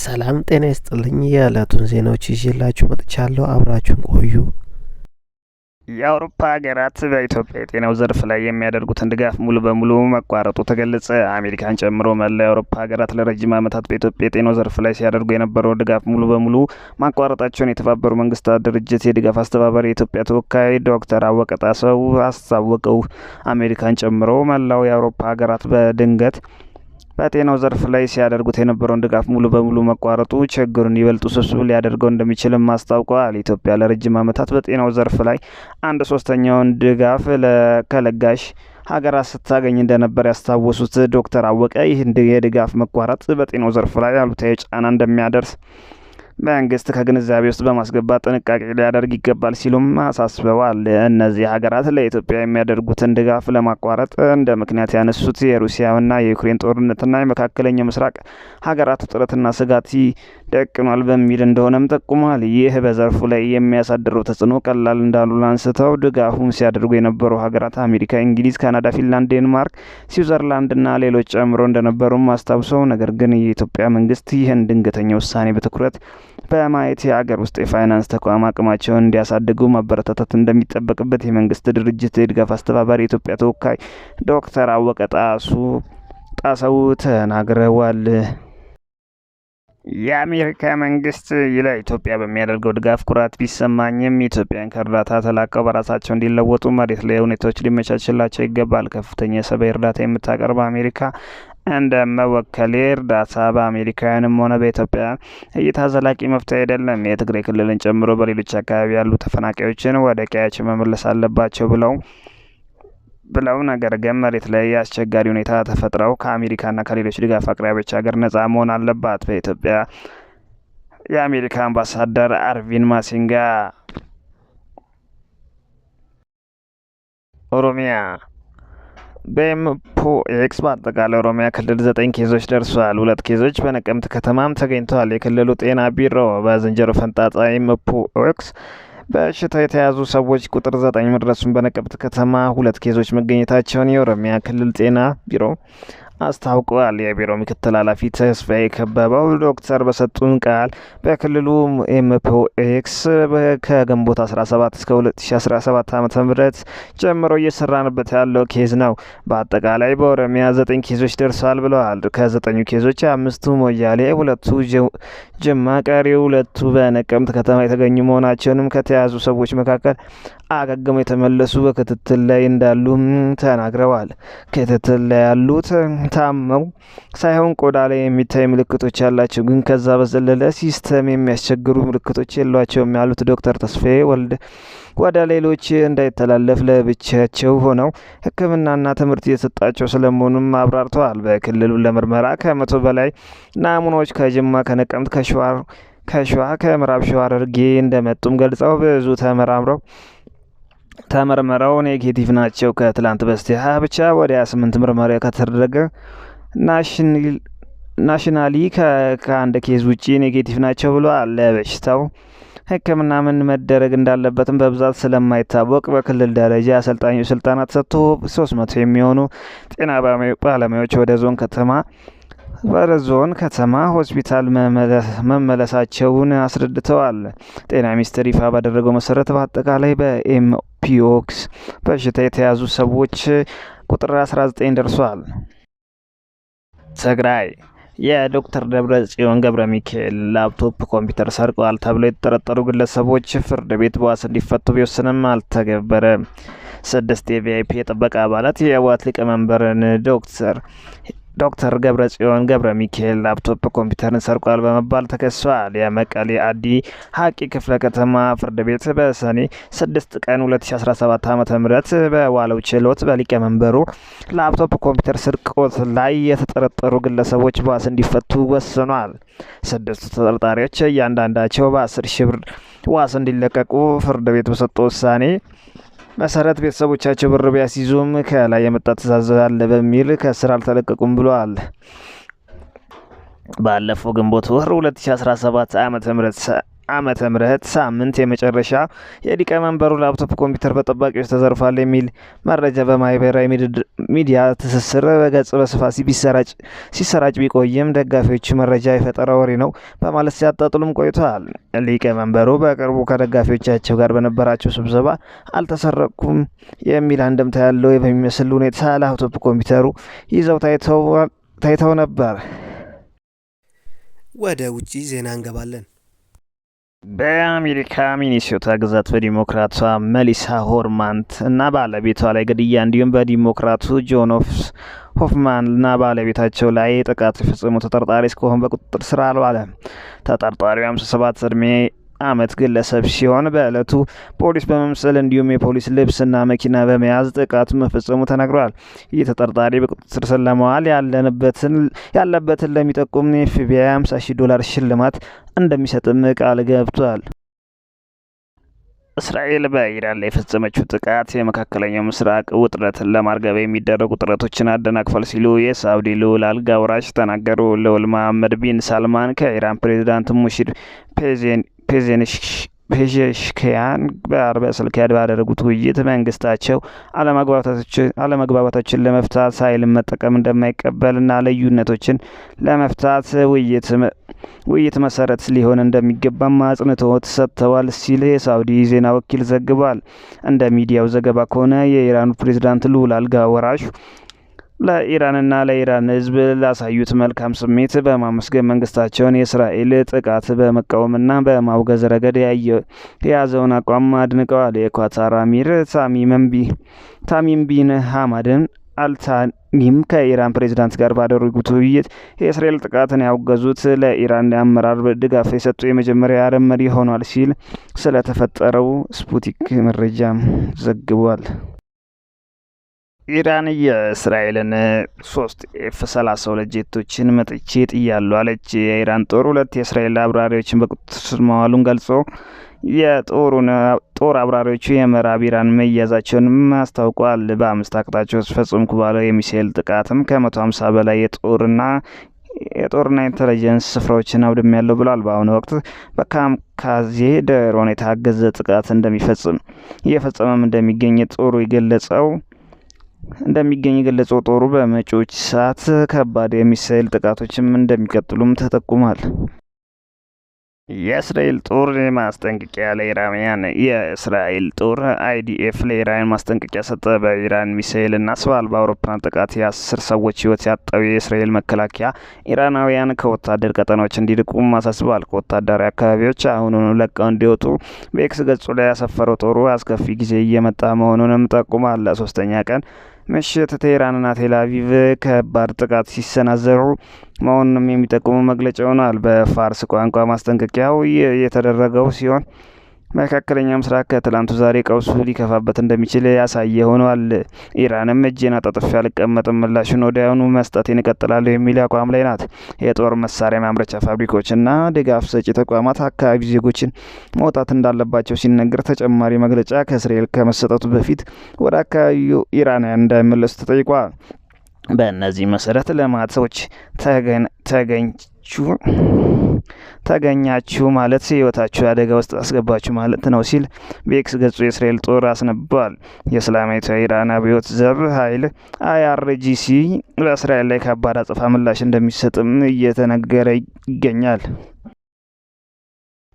ሰላም ጤና ይስጥልኝ። የዕለቱን ዜናዎች ይዤላችሁ መጥቻለሁ። አብራችሁን ቆዩ። የአውሮፓ ሀገራት በኢትዮጵያ የጤናው ዘርፍ ላይ የሚያደርጉትን ድጋፍ ሙሉ በሙሉ መቋረጡ ተገለጸ። አሜሪካን ጨምሮ መላ የአውሮፓ ሀገራት ለረጅም ዓመታት በኢትዮጵያ የጤናው ዘርፍ ላይ ሲያደርጉ የነበረው ድጋፍ ሙሉ በሙሉ ማቋረጣቸውን የተባበሩ መንግስታት ድርጅት የድጋፍ አስተባባሪ የኢትዮጵያ ተወካይ ዶክተር አወቀ ጣሰው አስታወቀው። አሜሪካን ጨምሮ መላው የአውሮፓ ሀገራት በድንገት በጤናው ዘርፍ ላይ ሲያደርጉት የነበረውን ድጋፍ ሙሉ በሙሉ መቋረጡ ችግሩን ይበልጡ ውስብስብ ሊያደርገው እንደሚችልም አስታውቀዋል። ኢትዮጵያ ለረጅም ዓመታት በጤናው ዘርፍ ላይ አንድ ሶስተኛውን ድጋፍ ከለጋሽ ሀገራት ስታገኝ እንደነበር ያስታወሱት ዶክተር አወቀ ይህ የድጋፍ መቋረጥ በጤናው ዘርፍ ላይ አሉታዊ ጫና እንደሚያደርስ መንግስት ከግንዛቤ ውስጥ በማስገባት ጥንቃቄ ሊያደርግ ይገባል ሲሉም አሳስበዋል። እነዚህ ሀገራት ለኢትዮጵያ የሚያደርጉትን ድጋፍ ለማቋረጥ እንደ ምክንያት ያነሱት የሩሲያና የዩክሬን ጦርነትና የመካከለኛው ምስራቅ ሀገራት ውጥረትና ስጋት ደቅኗል በሚል እንደሆነም ጠቁሟል ይህ በዘርፉ ላይ የሚያሳድረው ተጽዕኖ ቀላል እንዳሉ አንስተው ድጋፉን ሲያደርጉ የነበሩ ሀገራት አሜሪካ፣ እንግሊዝ፣ ካናዳ፣ ፊንላንድ፣ ዴንማርክ፣ እና ሌሎች ጨምሮ እንደነበሩም አስታውሰው ነገር ግን የኢትዮጵያ መንግስት ይህን ድንገተኛ ውሳኔ በትኩረት በማየት የሀገር ውስጥ የፋይናንስ ተቋም አቅማቸውን እንዲያሳድጉ ማበረታታት እንደሚጠበቅበት የመንግስት ድርጅት የድጋፍ አስተባባሪ የኢትዮጵያ ተወካይ ዶክተር አወቀ ጣሱ ጣሰው ተናግረዋል። የአሜሪካ መንግስት ለኢትዮጵያ በሚያደርገው ድጋፍ ኩራት ቢሰማኝም ኢትዮጵያን ከእርዳታ ተላቀው በራሳቸው እንዲለወጡ መሬት ላይ ሁኔታዎች ሊመቻችላቸው ይገባል። ከፍተኛ የሰብአዊ እርዳታ የምታቀርበው አሜሪካ እንደ መወከሌ እርዳታ በአሜሪካውያንም ሆነ በኢትዮጵያ እይታ ዘላቂ መፍትሄ አይደለም። የትግራይ ክልልን ጨምሮ በሌሎች አካባቢ ያሉ ተፈናቃዮችን ወደ ቀያቸው መመለስ አለባቸው ብለው ብለው ነገር ግን መሬት ላይ አስቸጋሪ ሁኔታ ተፈጥረው ከአሜሪካና ከሌሎች ድጋፍ አቅራቢዎች ሀገር ነጻ መሆን አለባት። በኢትዮጵያ የአሜሪካ አምባሳደር አርቪን ማሲንጋ ኦሮሚያ ኤክስ በአጠቃላይ ኦሮሚያ ክልል ዘጠኝ ኬዞች ደርሷል። ሁለት ኬዞች በነቀምት ከተማም ተገኝተዋል። የክልሉ ጤና ቢሮ በዝንጀሮ ፈንጣጣ ኤምፖኤክስ በሽታ የተያዙ ሰዎች ቁጥር ዘጠኝ መድረሱን በነቀብት ከተማ ሁለት ኬዞች መገኘታቸውን የኦሮሚያ ክልል ጤና ቢሮ አስታውቋል። የቢሮ ምክትል ኃላፊ ተስፋዬ ከበበው ዶክተር በሰጡን ቃል በክልሉ ኤምፖኤክስ ከግንቦት 17 እስከ 2017 ዓ ም ጀምሮ እየሰራንበት ያለው ኬዝ ነው። በአጠቃላይ በኦሮሚያ ዘጠኝ ኬዞች ደርሷል ብለዋል። ከዘጠኙ ኬዞች አምስቱ ሞያሌ፣ ሁለቱ ጅማ፣ ቀሪ ሁለቱ በነቀምት ከተማ የተገኙ መሆናቸውንም ከተያዙ ሰዎች መካከል አገግመው የተመለሱ በክትትል ላይ እንዳሉ ተናግረዋል። ክትትል ላይ ያሉት ታመው ሳይሆን ቆዳ ላይ የሚታይ ምልክቶች ያላቸው ግን ከዛ በዘለለ ሲስተም የሚያስቸግሩ ምልክቶች የሏቸውም ያሉት ዶክተር ተስፋዬ ወልድ ወደ ሌሎች እንዳይተላለፍ ለብቻቸው ሆነው ሕክምናና ትምህርት እየሰጣቸው ስለመሆኑም አብራርተዋል። በክልሉ ለምርመራ ከመቶ በላይ ናሙናዎች ከጅማ፣ ከነቀምት፣ ከሸዋ ከምዕራብ ሸዋ ሐረርጌ እንደመጡም ገልጸው ብዙ ተመራምረው ተመርምረው ኔጌቲቭ ናቸው ከትላንት በስቲያ ብቻ ወደ 28 ምርመራ ከተደረገ ናሽናሊ ከአንድ ኬዝ ውጭ ኔጌቲቭ ናቸው ብሏል። በሽታው ሕክምና ምን መደረግ እንዳለበትም በብዛት ስለማይታወቅ በክልል ደረጃ አሰልጣኙ ስልጣናት ሰጥቶ 300 የሚሆኑ ጤና ባለሙያዎች ወደ ዞን ከተማ በረዞን ከተማ ሆስፒታል መመለሳቸውን አስረድተዋል። ጤና ሚኒስቴር ይፋ ባደረገው መሰረት በአጠቃላይ በኤምፒኦክስ በሽታ የተያዙ ሰዎች ቁጥር 19 ደርሷል። ትግራይ የዶክተር ደብረ ጽዮን ገብረ ሚካኤል ላፕቶፕ ኮምፒውተር ሰርቀዋል ተብለው የተጠረጠሩ ግለሰቦች ፍርድ ቤት በዋስ እንዲፈቱ ቢወስንም አልተገበረም። ስድስት የቪአይፒ የጥበቃ አባላት የህወሓት ሊቀመንበርን ዶክተር ዶክተር ገብረ ጽዮን ገብረ ሚካኤል ላፕቶፕ ኮምፒውተርን ሰርቋል በመባል ተከሷል። የመቀሌ አዲ ሀቂ ክፍለ ከተማ ፍርድ ቤት በሰኔ 6 ቀን 2017 ዓ ም በዋለው ችሎት በሊቀመንበሩ ላፕቶፕ ኮምፒውተር ስርቆት ላይ የተጠረጠሩ ግለሰቦች በዋስ እንዲፈቱ ወስኗል። ስድስቱ ተጠርጣሪዎች እያንዳንዳቸው በ10 ሺ ብር ዋስ እንዲለቀቁ ፍርድ ቤት በሰጠው ውሳኔ መሰረት ቤተሰቦቻቸው ብር ቢያስይዙም ከላይ የመጣ ትዕዛዝ አለ በሚል ከስር አልተለቀቁም ብለዋል። ባለፈው ግንቦት ወር 2017 ዓ.ም ዓመተ ምህረት ሳምንት የመጨረሻ የሊቀመንበሩ ላፕቶፕ ኮምፒውተር በጠባቂዎች ተዘርፏል የሚል መረጃ በማህበራዊ ሚዲያ ትስስር በገጽ በስፋት ቢሰራጭ ሲሰራጭ ቢቆይም ደጋፊዎች መረጃ የፈጠራ ወሬ ነው በማለት ሲያጣጥሉም ቆይተዋል። ሊቀመንበሩ በቅርቡ ከደጋፊዎቻቸው ጋር በነበራቸው ስብሰባ አልተሰረኩም የሚል አንድምታ ያለው በሚመስል ሁኔታ ላፕቶፕ ኮምፒውተሩ ይዘው ታይተው ነበር። ወደ ውጪ ዜና እንገባለን። በአሜሪካ ሚኒሶታ ግዛት በዲሞክራቷ መሊሳ ሆርማንት እና ባለቤቷ ላይ ግድያ እንዲሁም በዲሞክራቱ ጆን ሆፍማን እና ባለቤታቸው ላይ ጥቃት የፈጸሙ ተጠርጣሪ እስከሆን በቁጥጥር ስር አልዋለ። ተጠርጣሪው 57 እድሜ ዓመት ግለሰብ ሲሆን በዕለቱ ፖሊስ በመምሰል እንዲሁም የፖሊስ ልብስና መኪና በመያዝ ጥቃት መፈጸሙ ተናግረዋል። ይህ ተጠርጣሪ በቁጥጥር ስር ለመዋል ያለበትን ለሚጠቁም የኤፍቢአይ 50 ሺህ ዶላር ሽልማት እንደሚሰጥም ቃል ገብቷል። እስራኤል በኢራን ላይ የፈጸመችው ጥቃት የመካከለኛው ምስራቅ ውጥረትን ለማርገብ የሚደረጉ ጥረቶችን አደናቅፏል ሲሉ የሳውዲ ልዑል አልጋ ወራሽ ተናገሩ። ልዑል መሐመድ ቢን ሳልማን ከኢራን ፕሬዚዳንት ሙሺድ ፔዜን ፔዜሽኪያን በአርበ ያድ ባደረጉት ውይይት መንግስታቸው አለመግባባቶችን ለመፍታት ኃይልን መጠቀም እንደማይቀበልና ልዩነቶችን ለመፍታት ውይይት መሰረት ሊሆን እንደሚገባም አጽንኦት ሰጥተዋል ሲል የሳውዲ ዜና ወኪል ዘግቧል። እንደ ሚዲያው ዘገባ ከሆነ የኢራኑ ፕሬዚዳንት ልዑል አልጋ ለኢራንና ለኢራን ህዝብ ላሳዩት መልካም ስሜት በማመስገን መንግስታቸውን የእስራኤል ጥቃት በመቃወምና በማውገዝ ረገድ የያዘውን አቋም አድንቀዋል። የኳታር አሚር ታሚም ቢን ሐማድን አልታኒም ከኢራን ፕሬዚዳንት ጋር ባደረጉት ውይይት የእስራኤል ጥቃትን ያወገዙት ለኢራን አመራር ድጋፍ የሰጡ የመጀመሪያ አረመድ ሆኗል ሲል ስለተፈጠረው ስፑትኒክ መረጃ ዘግቧል። ኢራን የእስራኤልን ሶስት ኤፍ ሰላሳ ሁለት ጄቶችን መጥቼ ጥያሉ አለች። የኢራን ጦር ሁለት የእስራኤል አብራሪዎችን በቁጥጥር ስር መዋሉን ገልጾ የጦሩን ጦር አብራሪዎቹ የምዕራብ ኢራን መያዛቸውን አስታውቋል። በአምስት አቅጣጫዎች ፈጽምኩ ባለው የሚሳኤል ጥቃትም ከመቶ 150 በላይ የጦርና የጦርና ኢንተለጀንስ ስፍራዎችን አውድም ያለው ብሏል። በአሁኑ ወቅት በካሚካዜ ድሮን የታገዘ ጥቃት እንደሚፈጽም እየፈጸመም እንደሚገኝ ጦሩ የገለጸው እንደሚገኝ የገለጸው ጦሩ በመጪዎች ሰዓት ከባድ የሚሳኤል ጥቃቶችም እንደሚቀጥሉም ተጠቁሟል። የእስራኤል ጦር ማስጠንቀቂያ ለኢራንያን የእስራኤል ጦር አይዲኤፍ ለኢራን ማስጠንቀቂያ ሰጠ። በኢራን ሚሳኤልና ሰው አልባ አውሮፕላን ጥቃት የአስር ሰዎች ህይወት ያጣው የእስራኤል መከላከያ ኢራናውያን ከወታደር ቀጠናዎች እንዲርቁም አሳስበዋል። ከወታደራዊ አካባቢዎች አሁኑኑ ለቀው እንዲወጡ በኤክስ ገጹ ላይ ያሰፈረው ጦሩ አስከፊ ጊዜ እየመጣ መሆኑንም ጠቁሟል። ለሶስተኛ ቀን ምሽት ቴህራንና ቴላቪቭ ከባድ ጥቃት ሲሰናዘሩ መሆኑንም የሚጠቁሙ መግለጫ ሆኗል። በፋርስ ቋንቋ ማስጠንቀቂያው የተደረገው ሲሆን መካከለኛ ምስራቅ ከትላንቱ ዛሬ ቀውሱ ሊከፋበት እንደሚችል ያሳየ ሆኗል። ኢራንም እጄን አጣጥፌ አልቀመጥም፣ ምላሹን ወዲያውኑ መስጠቴን እቀጥላለሁ የሚል አቋም ላይ ናት። የጦር መሳሪያ ማምረቻ ፋብሪካዎችና ድጋፍ ሰጪ ተቋማት አካባቢ ዜጎችን መውጣት እንዳለባቸው ሲነገር ተጨማሪ መግለጫ ከእስራኤል ከመሰጠቱ በፊት ወደ አካባቢው ኢራናውያን እንዳይመለሱ ተጠይቋል። በእነዚህ መሰረት ልማቶች ተገኝቹ ተገኛችሁ ማለት ህይወታችሁ አደጋ ውስጥ አስገባችሁ ማለት ነው ሲል በኤክስ ገጹ የእስራኤል ጦር አስነብቧል። የእስላማዊቷ ኢራን አብዮት ዘብ ኃይል አይአርጂሲ በእስራኤል ላይ ከባድ አጸፋ ምላሽ እንደሚሰጥም እየተነገረ ይገኛል።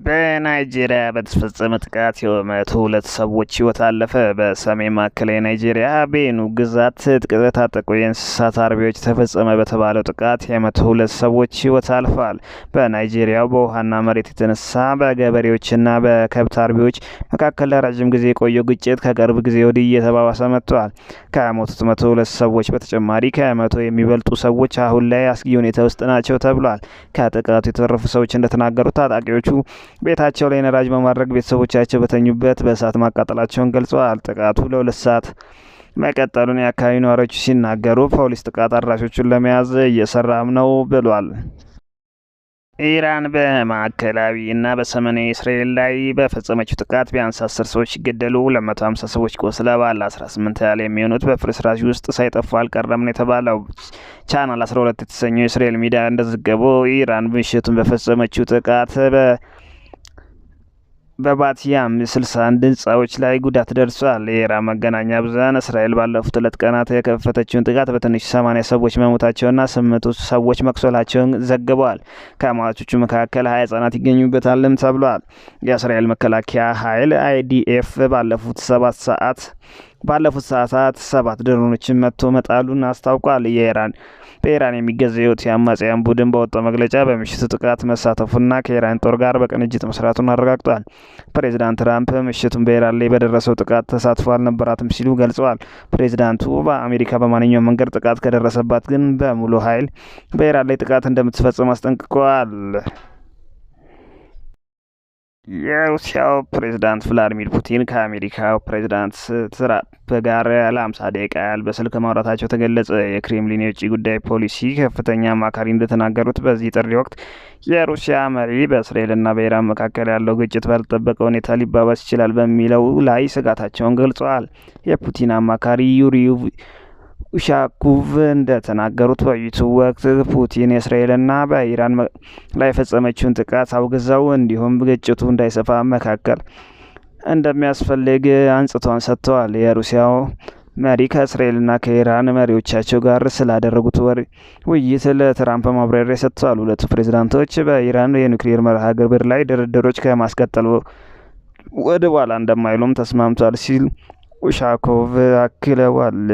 በናይጄሪያ በተፈጸመ ጥቃት የመቶ ሁለት ሰዎች ህይወት አለፈ። በሰሜን ማዕከላዊ ናይጄሪያ ቤኑ ግዛት ትጥቅ ታጠቁ የእንስሳት አርቢዎች ተፈጸመ በተባለው ጥቃት የመቶ ሁለት ሰዎች ህይወት አልፏል። በናይጄሪያው በውሃና መሬት የተነሳ በገበሬዎችና በከብት አርቢዎች መካከል ለረዥም ጊዜ የቆየው ግጭት ከቅርብ ጊዜ ወዲህ እየተባባሰ መጥቷል። ከሞቱት መቶ ሁለት ሰዎች በተጨማሪ ከመቶ የሚበልጡ ሰዎች አሁን ላይ አስጊ ሁኔታ ውስጥ ናቸው ተብሏል። ከጥቃቱ የተረፉ ሰዎች እንደተናገሩት ታጣቂዎቹ ቤታቸው ላይ ነዳጅ በማድረግ ቤተሰቦቻቸው በተኙበት በእሳት ማቃጠላቸውን ገልጸዋል። ጥቃቱ ለሁለት ሰዓት መቀጠሉን የአካባቢ ነዋሪዎች ሲናገሩ ፖሊስ ጥቃት አድራሾቹን ለመያዝ እየሰራም ነው ብሏል። ኢራን በማዕከላዊ እና በሰሜናዊ እስራኤል ላይ በፈጸመችው ጥቃት ቢያንስ አስር ሰዎች ሲገደሉ 250 ሰዎች ቆስለዋል። 18 ያህል የሚሆኑት በፍርስራሽ ውስጥ ሳይጠፉ አልቀረም ነው የተባለው። ቻናል ሁለት የተሰኘው የእስራኤል ሚዲያ እንደዘገበው ኢራን ምሽቱን በፈጸመችው ጥቃት በባቲያም 61 ህንፃዎች ላይ ጉዳት ደርሷል። የኢራን መገናኛ ብዙኃን እስራኤል ባለፉት ሁለት ቀናት የከፈተችውን ጥቃት በትንሹ 80 ሰዎች መሞታቸውና 8 ሰዎች መቁሰላቸውን ዘግበዋል። ከሟቾቹ መካከል 20 ህጻናት ይገኙበታልም ተብሏል። የእስራኤል መከላከያ ኃይል አይዲኤፍ ባለፉት ሰባት ሰዓት ባለፉት ሰዓታት ሰባት ድሮኖችን መጥቶ መጣሉን አስታውቋል። የኢራን በኢራን የሚገዛው የአማጽያን ቡድን በወጣው መግለጫ በምሽቱ ጥቃት መሳተፉና ከኢራን ጦር ጋር በቅንጅት መስራቱን አረጋግጧል። ፕሬዚዳንት ትራምፕ ምሽቱን በኢራን ላይ በደረሰው ጥቃት ተሳትፎ አልነበራትም ሲሉ ገልጸዋል። ፕሬዚዳንቱ በአሜሪካ በማንኛውም መንገድ ጥቃት ከደረሰባት ግን በሙሉ ኃይል በኢራን ላይ ጥቃት እንደምትፈጽም አስጠንቅቀዋል። የሩሲያው ፕሬዚዳንት ቭላዲሚር ፑቲን ከአሜሪካው ፕሬዚዳንት ትራምፕ ጋር ለአምሳ ደቂቃ ያህል በስልክ ማውራታቸው ተገለጸ። የክሬምሊን የውጭ ጉዳይ ፖሊሲ ከፍተኛ አማካሪ እንደተናገሩት በዚህ ጥሪ ወቅት የሩሲያ መሪ በእስራኤልና በኢራን መካከል ያለው ግጭት ባልጠበቀ ሁኔታ ሊባባስ ይችላል በሚለው ላይ ስጋታቸውን ገልጸዋል። የፑቲን አማካሪ ዩሪ ኡሻኩቭ እንደተናገሩት በውይይቱ ወቅት ፑቲን የእስራኤልና በኢራን ላይ የፈጸመችውን ጥቃት አውግዘው እንዲሁም ግጭቱ እንዳይሰፋ መካከል እንደሚያስፈልግ አንጽቷን ሰጥተዋል። የሩሲያው መሪ ከእስራኤልና ከኢራን መሪዎቻቸው ጋር ስላደረጉት ወር ውይይት ለትራምፕ ማብራሪያ ሰጥተዋል። ሁለቱ ፕሬዚዳንቶች በኢራን የኒውክሌር መርሃ ግብር ላይ ድርድሮች ከማስቀጠል ወደ ኋላ እንደማይሉም ተስማምቷል ሲል ኡሻኮቭ አክለዋል።